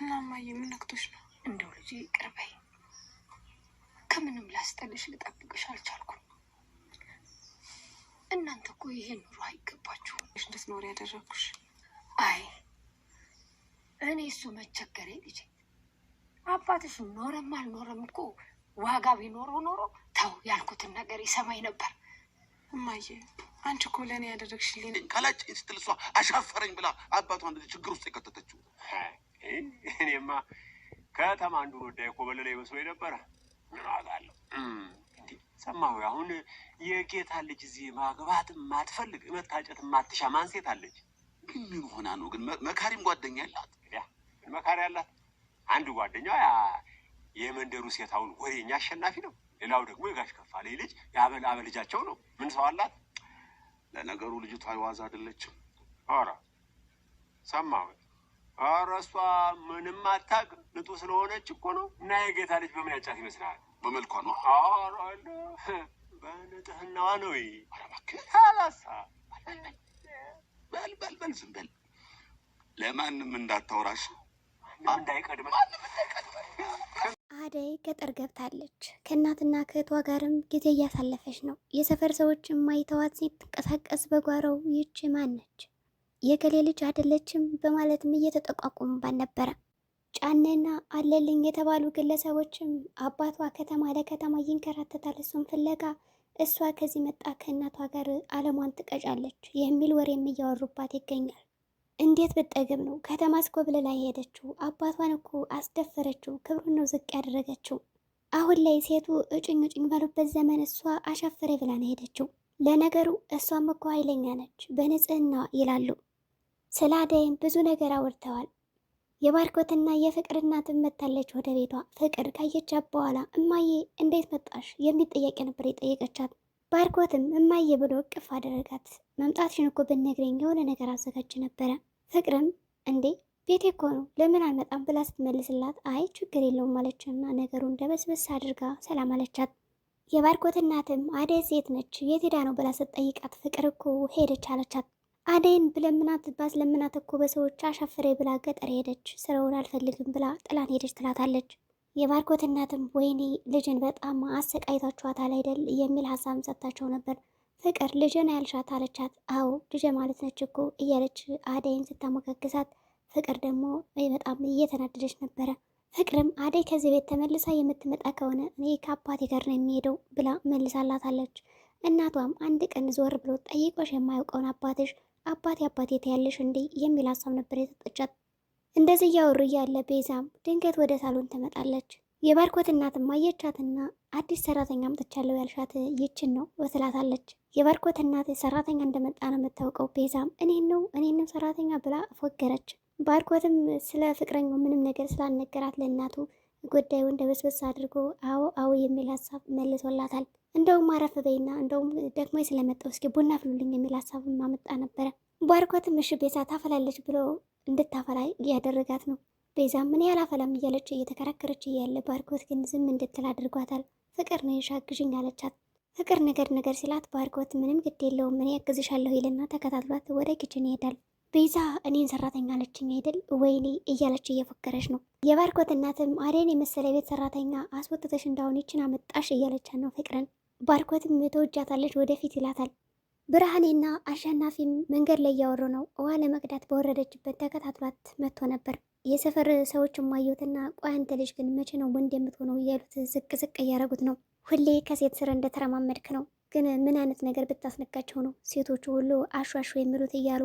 እና እማዬ ምን ነክቶሽ ነው? እንደው ልጅ ይቅር ከምንም ላስጠልሽ ልጠብቅሽ አልቻልኩም። እናንተ እኮ ይሄ ኑሮ አይገባችሁ እንድትኖር ያደረግኩሽ። አይ እኔ እሱ መቸገሬ ልጅ አባትሽ ኖረም አልኖረም እኮ ዋጋ ቢኖረው ኖሮ ተው ያልኩትን ነገር ይሰማኝ ነበር። እማዬ አንቺ እኮ ለእኔ ያደረግሽልኝ። ቀላጭ ስትል እሷ አሻፈረኝ ብላ አባቷ ችግር ውስጥ የከተተችው እኔማ ከተማ አንዱ ወዳ የኮበለለ ይመስሎኝ ነበረ። ምን ሰማሁ አሁን የጌታ ልጅ እዚህ ማግባት ማትፈልግ መታጨት ማትሻ ማንሴት አለች። ግን ምን ሆና ነው? ግን መካሪም ጓደኛ አላት። መካሪ አላት። አንድ ጓደኛ የመንደሩ ሴት አሁን ወሬኛ አሸናፊ ነው። ሌላው ደግሞ የጋሽ ላይ ልጅ የአበል ልጃቸው ነው። ምን ሰው አላት። ለነገሩ ልጅቷ የዋዛ አይደለችም። ኧረ ሰማሁ ኧረ እሷ ምንም አታውቅ ልጡ ስለሆነች እኮ ነው። እና የጌታ ልጅ በምን ያጫት ይመስልሃል? በመልኳ ነው። በንጥህናዋ ነው። ታላሳ በል በል በል፣ ዝም በል። ለማንም እንዳታወራሽ እንዳይቀድመ አደይ ገጠር ገብታለች። ከእናትና ከእህቷ ጋርም ጊዜ እያሳለፈች ነው። የሰፈር ሰዎች የማይተዋት ሴት ትንቀሳቀስ በጓሮው። ይች ማን ነች? የገሌ ልጅ አይደለችም በማለትም እየተጠቋቁሙባት ነበረ። ጫኔና አለልኝ የተባሉ ግለሰቦችም አባቷ ከተማ ለከተማ ይንከራተታል እሱን ፍለጋ፣ እሷ ከዚህ መጣ ከእናቷ ጋር አለሟን ትቀጫለች የሚል ወሬም እያወሩባት ይገኛል። እንዴት ብጠገብ ነው ከተማ አስኮብል ላይ ሄደችው፣ አባቷን እኮ አስደፈረችው፣ ክብሩን ነው ዝቅ ያደረገችው። አሁን ላይ ሴቱ እጭኝ እጭኝ ባሉበት ዘመን እሷ አሻፈረ ብላ ነው ሄደችው። ለነገሩ እሷም እኮ ኃይለኛ ነች በንጽህና ይላሉ። ስለ አደይም ብዙ ነገር አውርተዋል። የባርኮትና የፍቅር እናትን መታለች ወደ ቤቷ። ፍቅር ካየቻት በኋላ እማዬ እንዴት መጣሽ የሚል ጥያቄ ነበር የጠየቀቻት። ባርኮትም እማዬ ብሎ እቅፍ አደረጋት። መምጣትሽን እኮ ብነግረኝ የሆነ ነገር አዘጋጅ ነበረ። ፍቅርም እንዴ ቤቴ እኮ ነው ለምን አልመጣም ብላ ስትመልስላት አይ ችግር የለውም አለችና ነገሩ እንደበስበስ አድርጋ ሰላም አለቻት። የባርኮት እናትም አደይ ሴት ነች የት ሄዳ ነው ብላ ስትጠይቃት ፍቅር እኮ ሄደች አለቻት። አደይን ብለምናት ለምናት እኮ በሰዎች አሻፍሬ ብላ ገጠር ሄደች። ስራውን አልፈልግም ብላ ጥላን ሄደች ትላታለች። የባርኮት እናትም ወይኔ ልጅን በጣም አሰቃይታችኋታል አይደል የሚል ሀሳብ ሰጥታቸው ነበር። ፍቅር ልጅን ያልሻት አለቻት። አዎ ልጄ ማለት ነች እኮ እያለች አደይን ስታሞጋግሳት፣ ፍቅር ደግሞ በጣም እየተናደደች ነበረ። ፍቅርም አደይ ከዚህ ቤት ተመልሳ የምትመጣ ከሆነ እኔ ከአባቴ ጋር ነው የሚሄደው ብላ መልሳላታለች። እናቷም አንድ ቀን ዞር ብሎ ጠይቆሽ የማያውቀውን አባትሽ አባቴ አባቴ ታያለሽ እንዴ የሚል ሀሳብ ነበር የሰጠቻት። እንደዚህ እያወሩ እያለ ቤዛም ድንገት ወደ ሳሎን ትመጣለች። የባርኮት እናትም አየቻትና አዲስ ሰራተኛ አምጥቻለሁ ያልሻት ይችን ነው ወስላታለች። የባርኮት እናት ሰራተኛ እንደመጣ ነው የምታውቀው። ቤዛም እኔን ነው እኔንም ሰራተኛ ብላ ፎገረች። ባርኮትም ስለ ፍቅረኛው ምንም ነገር ስላልነገራት ለእናቱ ጉዳዩ እንደ በስበስ አድርጎ አዎ አዎ የሚል ሀሳብ መልሶላታል። እንደውም አረፍ በይና እንደውም ደግሞ ስለመጣው እስኪ ቡና ፍሉልኝ የሚል ሀሳብ ማመጣ ነበረ። ባርኮትም እሺ ቤዛ ታፈላለች ብሎ እንድታፈላ እያደረጋት ነው። ቤዛ ምን ያህል አፈላም እያለች እየተከራከረች እያለ ባርኮት ግን ዝም እንድትል አድርጓታል። ፍቅር ነው የሻግዥኝ አለቻት። ፍቅር ነገር ነገር ሲላት ባርኮት ምንም ግድ የለውም እኔ ያግዝሻለሁ ይልና ተከታትሏት ወደ ኪችን ይሄዳል። ቤዛ እኔን ሰራተኛ አለችኝ አይደል ወይኔ እያለች እየፎከረች ነው። የባርኮት እናትም አደን የመሰለ ቤት ሰራተኛ አስወጥተሽ እንዳሁን ይችን አመጣሽ እያለቻት ነው ፍቅርን ባርኮትም ተወጃታለች ወደፊት ይላታል። ብርሃኔና አሸናፊም መንገድ ላይ እያወሩ ነው። ውሃ ለመቅዳት በወረደችበት ተከታትሏት መጥቶ ነበር። የሰፈር ሰዎችም ማየትና ቆይ አንተ ልጅ ግን መቼ ነው ወንድ የምትሆነው እያሉት ዝቅ ዝቅ እያደረጉት ነው። ሁሌ ከሴት ስር እንደተረማመድክ ነው፣ ግን ምን አይነት ነገር ብታስነካቸው ነው ሴቶቹ ሁሉ አሹ አሹ የሚሉት እያሉ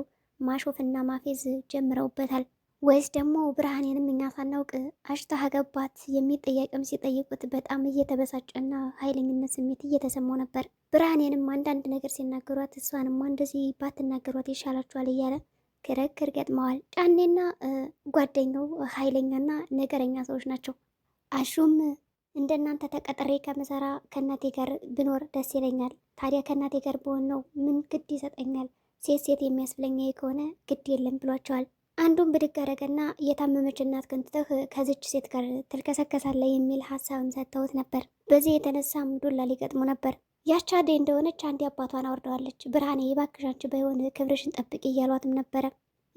ማሾፍና ማፌዝ ጀምረውበታል። ወይስ ደግሞ ብርሃኔንም እኛ ሳናውቅ አሽታ አገባት የሚል ጥያቄም ሲጠይቁት በጣም እየተበሳጨና ኃይለኝነት ስሜት እየተሰማው ነበር። ብርሃኔንም አንዳንድ ነገር ሲናገሯት እሷንማ እንደዚህ ባትናገሯት ይሻላችኋል እያለ ክርክር ገጥመዋል። ጫኔና ጓደኛው ኃይለኛና ነገረኛ ሰዎች ናቸው። አሹም እንደናንተ ተቀጥሬ ከምሰራ ከእናቴ ጋር ብኖር ደስ ይለኛል። ታዲያ ከእናቴ ጋር በሆን ነው ምን ግድ ይሰጠኛል? ሴት ሴት የሚያስብለኛ ከሆነ ግድ የለም ብሏቸዋል። አንዱን ብድግ አደረገና የታመመች እናት ገንጥተህ ከዚች ሴት ጋር ትልከሰከሳለህ የሚል ሀሳብም ሰጥተውት ነበር። በዚህ የተነሳም ዱላ ሊገጥሙ ነበር። ያቻ አደይ እንደሆነች አንዴ አባቷን አውርደዋለች። ብርሃኔ የባክሻች በሆን ክብርሽን ጠብቂ እያሏትም ነበረ።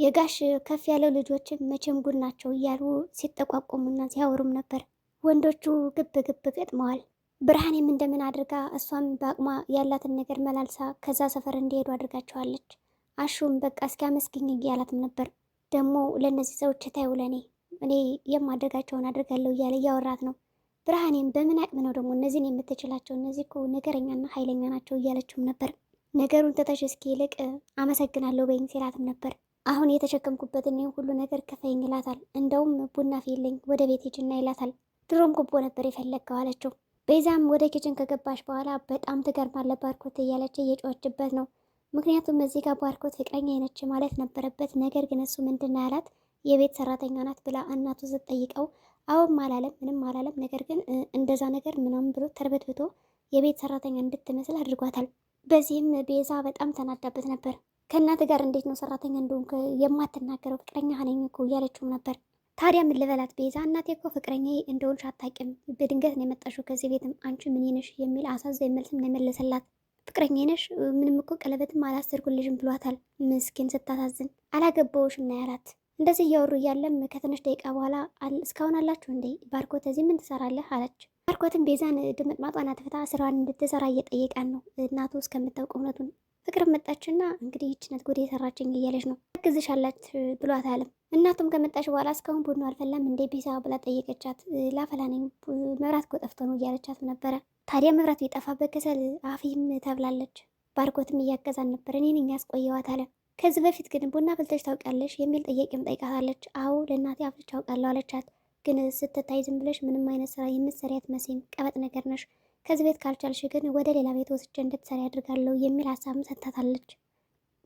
የጋሽ ከፍ ያለው ልጆችን መቼም ጉድ ናቸው እያሉ ሲጠቋቆሙና ሲያወሩም ነበር። ወንዶቹ ግብ ግብ ገጥመዋል። ብርሃኔም እንደምን አድርጋ እሷም በአቅሟ ያላትን ነገር መላልሳ ከዛ ሰፈር እንዲሄዱ አድርጋቸዋለች። አሹም በቃ እስኪ አመስግኝ እያላትም ነበር። ደግሞ ለእነዚህ ሰዎች ታዩ ለእኔ እኔ የማደርጋቸውን አድርጋለሁ እያለ እያወራት ነው። ብርሃኔም በምን አቅም ነው ደግሞ እነዚህን የምትችላቸው? እነዚህ እኮ ነገረኛና ኃይለኛ ናቸው እያለችውም ነበር። ነገሩን ትተሽ እስኪ ይልቅ አመሰግናለሁ በይኝ ሲላትም ነበር። አሁን የተሸከምኩበትን ሁሉ ነገር ክፈይኝ ይላታል። እንደውም ቡና ፊልኝ ወደ ቤት ሂጂና ይላታል። ድሮም ጉቦ ነበር የፈለግከው አለችው። ቤዛም ወደ ኪችን ከገባች በኋላ በጣም ትገርማለህ ባርኮት እያለች እየጮኸችበት ነው። ምክንያቱም እዚህ ጋር ባርኮት ፍቅረኛ አይነች ማለት ነበረበት። ነገር ግን እሱ ምንድን ነው ያላት የቤት ሰራተኛ ናት ብላ እናቱ ስትጠይቀው አሁን አላለም፣ ምንም አላለም። ነገር ግን እንደዛ ነገር ምናምን ብሎ ተርበትብቶ የቤት ሰራተኛ እንድትመስል አድርጓታል። በዚህም ቤዛ በጣም ተናዳበት ነበር። ከእናት ጋር እንዴት ነው ሰራተኛ እንደሆን የማትናገረው? ፍቅረኛ ነኝ እኮ እያለችውም ነበር። ታዲያ ምን ልበላት ቤዛ፣ እናቴ እኮ ፍቅረኛ እንደሆንሽ አታውቂም፣ በድንገት ነው የመጣሽው ከዚህ ቤትም አንቺ ምን ይንሽ የሚል አሳዛኝ መልስም ነው የመለሰላት። ፍቅረኛ ነሽ? ምንም እኮ ቀለበትም አላሰርኩልሽም ብሏታል። ምስኪን ስታሳዝን። አላገባውሽም ነው ያላት። እንደዚህ እያወሩ እያለም ከትንሽ ደቂቃ በኋላ እስካሁን አላችሁ እንዴ? ባርኮት እዚህ ምን ትሰራለህ? አለች። ባርኮትም ቤዛን ድምጥማጧን አትፈታ ስራዋን እንድትሰራ እየጠየቃን ነው፣ እናቱ እስከምታውቅ እውነቱን። ፍቅር መጣችና እንግዲህ ይችነት ጉዴ የሰራችኝ እያለች ነው ግዝሽ አላት ብሏታልም። እናቱም ከመጣሽ በኋላ እስካሁን ቡድኑ አልፈላም እንዴ ቤዛ ብላ ጠየቀቻት። ላፈላ ነኝ መብራት እኮ ጠፍቶ ነው እያለቻት ነበረ ታዲያ መብራት ቢጠፋበት ከሰል አፊም ተብላለች። ባርኮትም እያገዛን ነበር፣ እኔ ነኝ ያስቆየዋት አለ። ከዚህ በፊት ግን ቡና በልተሽ ታውቂያለሽ የሚል ጥያቄም ጠይቃታለች። አዎ ለእናቴ አፍልቼ አውቃለሁ አለቻት። ግን ስትታይ ዝም ብለሽ ምንም አይነት ስራ የምትሰሪ አትመስይም፣ ቀበጥ ነገር ነሽ። ከዚህ ቤት ካልቻልሽ ግን ወደ ሌላ ቤት ወስጄ እንድትሰሪ አድርጋለሁ የሚል ሀሳብም ሰጥታታለች።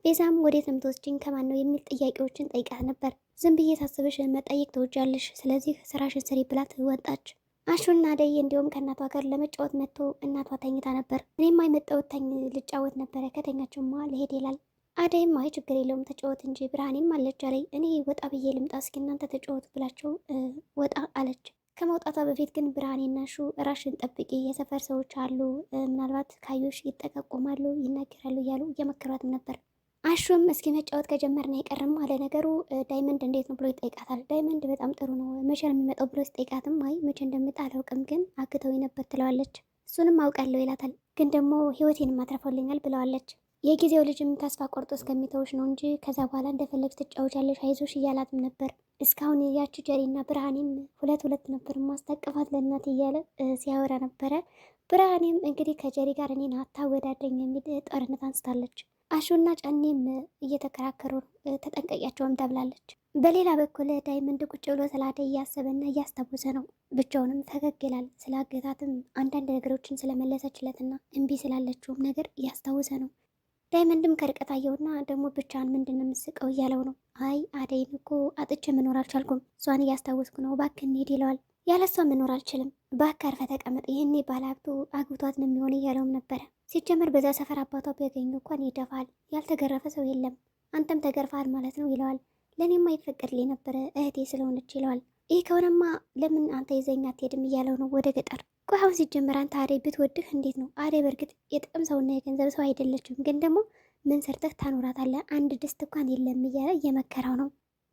ቤዛም ወዴት ነው የምትወስጂኝ ከማን ነው የሚል ጥያቄዎችን ጠይቃት ነበር። ዝም ብዬ ሳስብሽ መጠየቅ ትወጃለሽ፣ ስለዚህ ስራሽን ስሪ ብላት ወጣች። አሹና አደይ እንዲሁም ከእናቷ ጋር ለመጫወት መጥቶ እናቷ ተኝታ ነበር። እኔም አይመጣሁት ተኝ ልጫወት ነበረ ከተኛችማ ልሄድ ይላል። አደይም አይ ችግር የለውም ተጫወት እንጂ ብርሃኔም አለች አለኝ። እኔ ወጣ ብዬ ልምጣ እስኪ እናንተ ተጫወቱ ብላቸው ወጣ አለች። ከመውጣቷ በፊት ግን ብርሃኔና ሹ ራሽን ጠብቂ፣ የሰፈር ሰዎች አሉ፣ ምናልባት ካዮሽ ይጠቀቁማሉ፣ ይናገራሉ እያሉ እየመከሯትም ነበር። አሹም እስኪ መጫወት ከጀመርን አይቀርም አለ። ነገሩ ዳይመንድ እንዴት ነው ብሎ ይጠይቃታል። ዳይመንድ በጣም ጥሩ ነው፣ መቼ ነው የሚመጣው ብሎ ሲጠይቃትም አይ መቼ እንደምጣ አላውቅም፣ ግን አግተው ነበር ትለዋለች። እሱንም አውቃለሁ ይላታል። ግን ደግሞ ህይወቴንም አትረፈውልኛል ብለዋለች። የጊዜው ልጅም ተስፋ ቆርጦ እስከሚተውሽ ነው እንጂ ከዛ በኋላ እንደፈለግ ትጫወቻለሽ፣ አይዞሽ እያላትም ነበር። እስካሁን ያቺ ጀሪና ብርሃኔም ሁለት ሁለት ነበር ማስታቀፋት ለእናት እያለ ሲያወራ ነበረ። ብርሃኔም እንግዲህ ከጀሪ ጋር እኔን አታወዳደኝ የሚል ጦርነት አንስታለች። አሹና ጫኔም እየተከራከሩ ተጠንቀቂያቸውም ተብላለች። በሌላ በኩል ዳይመንድ ቁጭ ብሎ ስለ አደይ እያሰበና እያስታወሰ ነው። ብቻውንም ፈገግ ይላል። ስለ አገታትም አንዳንድ ነገሮችን ስለመለሰችለትና እምቢ ስላለችውም ነገር እያስታወሰ ነው። ዳይመንድም ከርቀት አየውና ደግሞ ብቻን ምንድን ነው የምስቀው እያለው ነው። አይ አደይን እኮ አጥቼ መኖር አልቻልኩም፣ እሷን እያስታወስኩ ነው፣ እባክህ እንሂድ ይለዋል። ያለሷ መኖር አልችልም፣ እባክህ አርፈህ ተቀመጥ፣ ይህኔ ባለሀብቱ አግብቷት ነው የሚሆን እያለውም ነበረ ሲጀመር በዛ ሰፈር አባቷ ቢያገኙ እንኳን ይደፋል፣ ያልተገረፈ ሰው የለም፣ አንተም ተገርፋል ማለት ነው ይለዋል። ለእኔማ ይፈቀድልኝ ነበረ እህቴ ስለሆነች ይለዋል። ይህ ከሆነማ ለምን አንተ ይዘኛ አትሄድም እያለው ነው ወደ ገጠር። ቆይ አሁን ሲጀመር አንተ አደይ ብትወድህ እንዴት ነው? አደይ በእርግጥ የጥቅም ሰውና የገንዘብ ሰው አይደለችም፣ ግን ደግሞ ምን ሰርተህ ታኖራታለህ? አንድ ድስት እንኳን የለም እያለ እየመከረው ነው።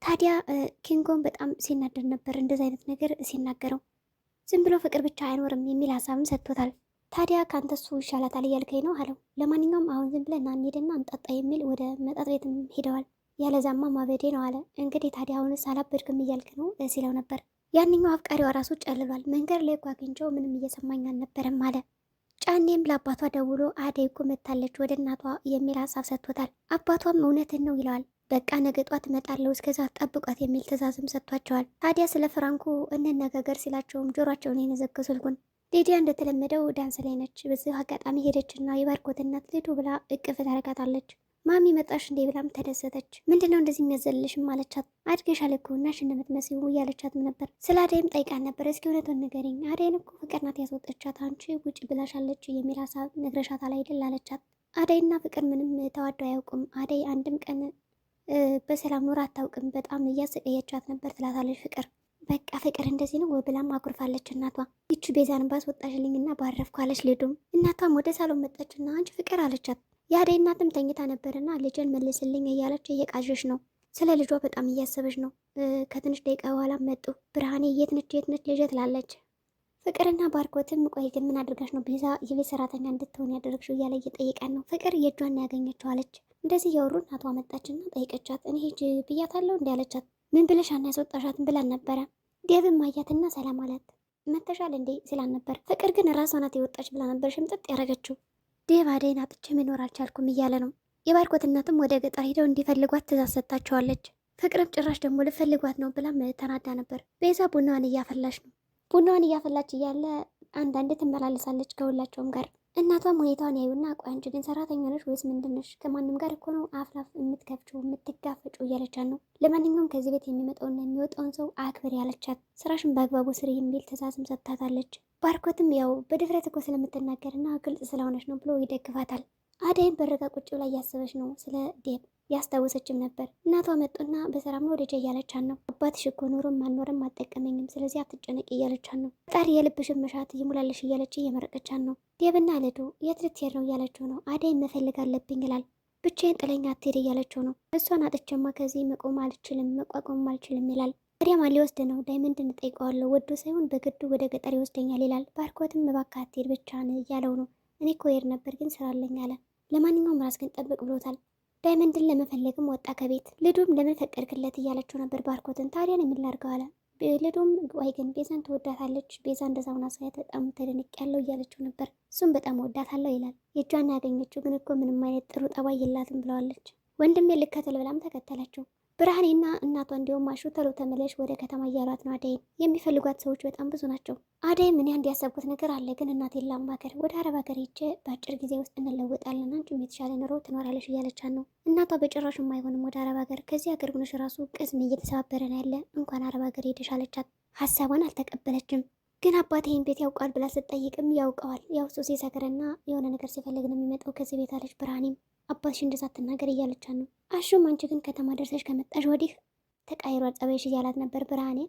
ታዲያ ኪንጎን በጣም ሲናደድ ነበር እንደዚህ አይነት ነገር ሲናገረው። ዝም ብሎ ፍቅር ብቻ አይኖርም የሚል ሀሳብም ሰጥቶታል። ታዲያ ከአንተ እሱ ይሻላታል እያልከኝ ነው አለው። ለማንኛውም አሁን ዝም ብለን እንሂድና እንጠጣ የሚል ወደ መጠጥ ቤትም ሄደዋል። ያለዛማ ማበዴ ነው አለ። እንግዲህ ታዲያ አሁንስ አላበድክም እያልክ ነው ሲለው ነበር። ያንኛው አፍቃሪዋ ራሱ ጨልሏል። መንገድ ላይ ጓግንቸው ምንም እየሰማኝ አልነበረም አለ። ጫኔም ለአባቷ ደውሎ አደይ እኮ መታለች ወደ እናቷ የሚል ሀሳብ ሰጥቶታል። አባቷም እውነትን ነው ይለዋል። በቃ ነገ ጧት እመጣለሁ እስከዛ ጠብቋት የሚል ትዕዛዝም ሰጥቷቸዋል። ታዲያ ስለ ፍራንኩ እንነጋገር ሲላቸውም ጆሯቸውን የነዘገ ስልኩን ሊዲያ እንደተለመደው ዳንስ ላይ ነች። በዚሁ አጋጣሚ ሄደችና የባርኮት እናት ልዱ ብላ እቅፍ ታደርጋታለች። ማሚ መጣሽ እንዴ ብላም ተደሰተች። ምንድነው እንደዚህ የሚያዘልሽም አለቻት። አድገሻል እኮ እናሽ እንደምትመስዩ እያለቻትም ነበር። ስለ አደይም ጠይቃን ነበር። እስኪ እውነቱን ንገሪኝ፣ አደይን እኮ ፍቅር ናት ያስወጠቻት፣ አንቺ ውጭ ብላሻለች የሚል ሀሳብ ነግረሻታል አይደል አለቻት። አደይና ፍቅር ምንም ተዋደው አያውቁም። አደይ አንድም ቀን በሰላም ኖር አታውቅም። በጣም እያሰቀየቻት ነበር ትላታለች ፍቅር በቃ ፍቅር እንደዚህ ነው ብላም አኩርፋለች እናቷ። ይቹ ቤዛን እና ባረፍኩ አለች ልዱም። እናቷም ወደ ሳሎን መጣችና አንቺ ፍቅር አለቻት። የአደይ እናትም ተኝታ ነበርና ልጅን መልስልኝ እያለች እየቃዠች ነው። ስለ ልጇ በጣም እያሰበች ነው። ከትንሽ ደቂቃ በኋላ መጡ። ብርሃኔ የት ነች የት ነች ትላለች። ፍቅርና ባርኮትም ቆይ ግን ምን አድርጋሽ ነው ቤዛ የቤት ሰራተኛ እንድትሆን ያደረግሽው? እያለ እየጠየቀን ነው። ፍቅር የእጇን ያገኘችው አለች። እንደዚህ ያወሩ እናቷ መጣችና ጠይቀቻት። እኔ ሂጅ ብያታለሁ እንዲያለቻት ምን ብለሽ አናስወጣሻትን ብላን ነበረ ዴቭም አያትና ሰላም አላት። መተሻል እንዴ ነበር ፍቅር ግን ራሷ ናት የወጣች ብላ ነበር ሽምጥጥ ያደረገችው። ዴቭ አደይን አጥቼ መኖር አልቻልኩም እያለ ነው። የባርኮት እናትም ወደ ገጠር ሄደው እንዲፈልጓት ትእዛዝ ሰጥታቸዋለች። ፍቅርም ጭራሽ ደግሞ ልፈልጓት ነው ብላም ተናዳ ነበር። ቤዛ ቡናዋን እያፈላች ነው። ቡናዋን እያፈላች እያለ አንዳንዴ ትመላለሳለች ከሁላቸውም ጋር እናቷም ሁኔታውን ያዩና ቆይ አንቺ ግን ሰራተኛ ነሽ ወይስ ምንድን ነሽ? ከማንም ጋር እኮ ነው አፍላፍ የምትከፍችው የምትጋፈጩ እያለቻት ነው። ለማንኛውም ከዚህ ቤት የሚመጣውና የሚወጣውን ሰው አክብር ያለቻት፣ ስራሽን በአግባቡ ስር የሚል ትእዛዝም ሰጥታታለች። ባርኮትም ያው በድፍረት እኮ ስለምትናገርና ግልጽ ስለሆነች ነው ብሎ ይደግፋታል። አደይም በረጋ ቁጭ ብላ እያሰበች ነው ስለ ዴብ ያስታወሰችም ነበር። እናቷ መጡና በሰላም ነው ልጄ እያለቻት ነው። አባትሽ እኮ ኖሮም አልኖረም አጠቀመኝም፣ ስለዚህ አትጨነቅ እያለቻት ነው። ፈጣሪ የልብሽን መሻት ይሙላልሽ እያለች እየመረቀቻት ነው። ዴብና ልዱ የት ልትሄድ ነው እያለችው ነው። አደይ መፈልግ አለብኝ ይላል። ብቻዬን ጥለኝ አትሄድ እያለችው ነው። እሷን አጥቼማ ከዚህ መቆም አልችልም፣ መቋቋም አልችልም ይላል። ወዲያማ ሊወስድ ነው። ዳይመንድ እንጠይቀዋለሁ ወዶ ሳይሆን በግዱ ወደ ገጠር ይወስደኛል ይላል። ባርኮትም እባክህ አትሄድ ብቻህን እያለው ነው። እኔ እኮ እሄድ ነበር ግን ስራ አለኝ አለ። ለማንኛውም ራስ ግን ጠብቅ ብሎታል። ዳይመንድን ለመፈለግም ወጣ ከቤት። ልዱም ለምን ፈቀድክለት እያለችው ነበር ባርኮትን። ታዲያን የምላርገው አለ ልዱም ዋይ ግን ቤዛን ትወዳታለች፣ ቤዛ እንደዛ ሆና ሳያት በጣም ተደንቅ ያለው እያለችው ነበር። እሱም በጣም ወዳታለሁ ይላል። የእጇን ያገኘችው ግን እኮ ምንም አይነት ጥሩ ጠባይ የላትም ብለዋለች። ወንድሜ ልከተል ብላም ተከተለችው። ብርሃኔና እናቷ እንዲሁም ማሹ ተሎ ተመለሽ ወደ ከተማ እያሏት ነው። አደይን የሚፈልጓት ሰዎች በጣም ብዙ ናቸው። አደይም ምን አንድ ያሰብኩት ነገር አለ፣ ግን እናቴን ላማከር ወደ አረብ ሀገር ሄጄ በአጭር ጊዜ ውስጥ እንለወጣለን፣ አንቺም የተሻለ ኑሮ ትኖራለሽ እያለቻት ነው። እናቷ በጭራሽ አይሆንም ወደ አረብ ሀገር፣ ከዚህ ሀገር ሆነሽ ራሱ ቅስሜ እየተሰባበረ ነው ያለ፣ እንኳን አረብ ሀገር ሄደሽ አለቻት። ሀሳቧን አልተቀበለችም። ግን አባቴ ይህን ቤት ያውቃል ብላ ስጠይቅም ያውቀዋል፣ ያው እሱ ሲሰክርና የሆነ ነገር ሲፈልግ ነው የሚመጣው ከዚህ ቤት አለች። ብርሃኔም አባትሽ እንደዛ አትናገር እያለቻት ነው አሹም አንቺ ግን ከተማ ደርሰሽ ከመጣሽ ወዲህ ተቃይሯል ጸባይሽ እያላት ነበር ብርሃኔ።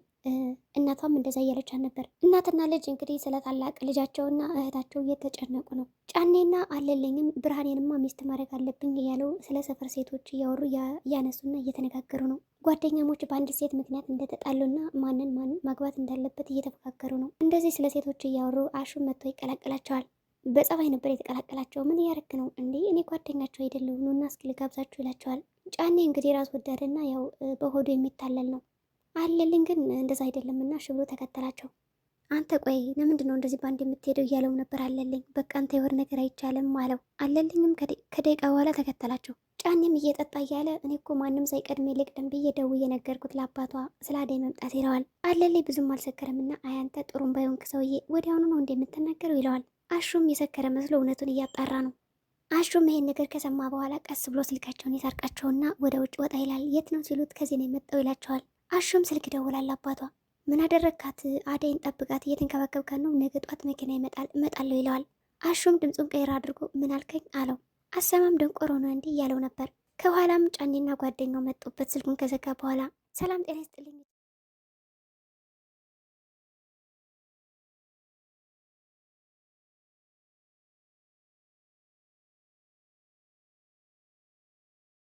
እናቷም እንደዛ እያለቻት ነበር። እናትና ልጅ እንግዲህ ስለ ታላቅ ልጃቸውና እህታቸው እየተጨነቁ ነው። ጫኔና አለልኝም ብርሃኔንማ ሚስት ማድረግ አለብኝ እያለው ስለ ሰፈር ሴቶች እያወሩ እያነሱና እየተነጋገሩ ነው። ጓደኛሞች በአንድ ሴት ምክንያት እንደተጣሉና ማንን ማን ማግባት እንዳለበት እየተፈካከሩ ነው። እንደዚህ ስለ ሴቶች እያወሩ አሹም መጥቶ ይቀላቀላቸዋል። በጸባይ ነበር የተቀላቀላቸው። ምን እያረክ ነው እንዴ? እኔ ጓደኛቸው አይደለሁ ኑና እስኪ ልጋብዛችሁ ይላቸዋል። ጫኔ እንግዲህ ራስ ወዳድና ያው በሆዱ የሚታለል ነው። አለልኝ ግን እንደዛ አይደለም እና ሽብሎ ተከተላቸው። አንተ ቆይ ለምንድን ነው እንደዚህ በአንድ የምትሄደው እያለው ነበር አለልኝ። በቃ አንተ የወር ነገር አይቻልም አለው። አለልኝም ከደቂቃ በኋላ ተከተላቸው። ጫኔም እየጠጣ እያለ እኔ እኮ ማንም ሳይቀድሜ ልቅደም ብዬ ደውዬ የነገርኩት ለአባቷ ስለ አደይ መምጣት ይለዋል። አለልኝ ብዙም አልሰከረም እና አያንተ ጥሩም ባይሆንክ ሰውዬ ወዲያውኑ ነው እንደምትናገረው ይለዋል። አሹም የሰከረ መስሎ እውነቱን እያጣራ ነው። አሹም ይሄን ነገር ከሰማ በኋላ ቀስ ብሎ ስልካቸውን ይሰርቃቸውና ወደ ውጭ ወጣ ይላል። የት ነው ሲሉት ከዚህ ነው የመጣው ይላቸዋል። አሹም ስልክ ደውላል አባቷ ምን አደረግካት? አደይን ጠብቃት፣ እየተንከባከብካት ነው፣ ነገ ጧት መኪና ይመጣል እመጣለሁ ይለዋል። አሹም ድምፁን ቀይራ አድርጎ ምን አልከኝ አለው። አሰማም ደንቆሮ ነው እንዲህ እያለው ነበር። ከኋላም ጫኔና ጓደኛው መጡበት። ስልኩን ከዘጋ በኋላ ሰላም ጤና ይስጥልኝ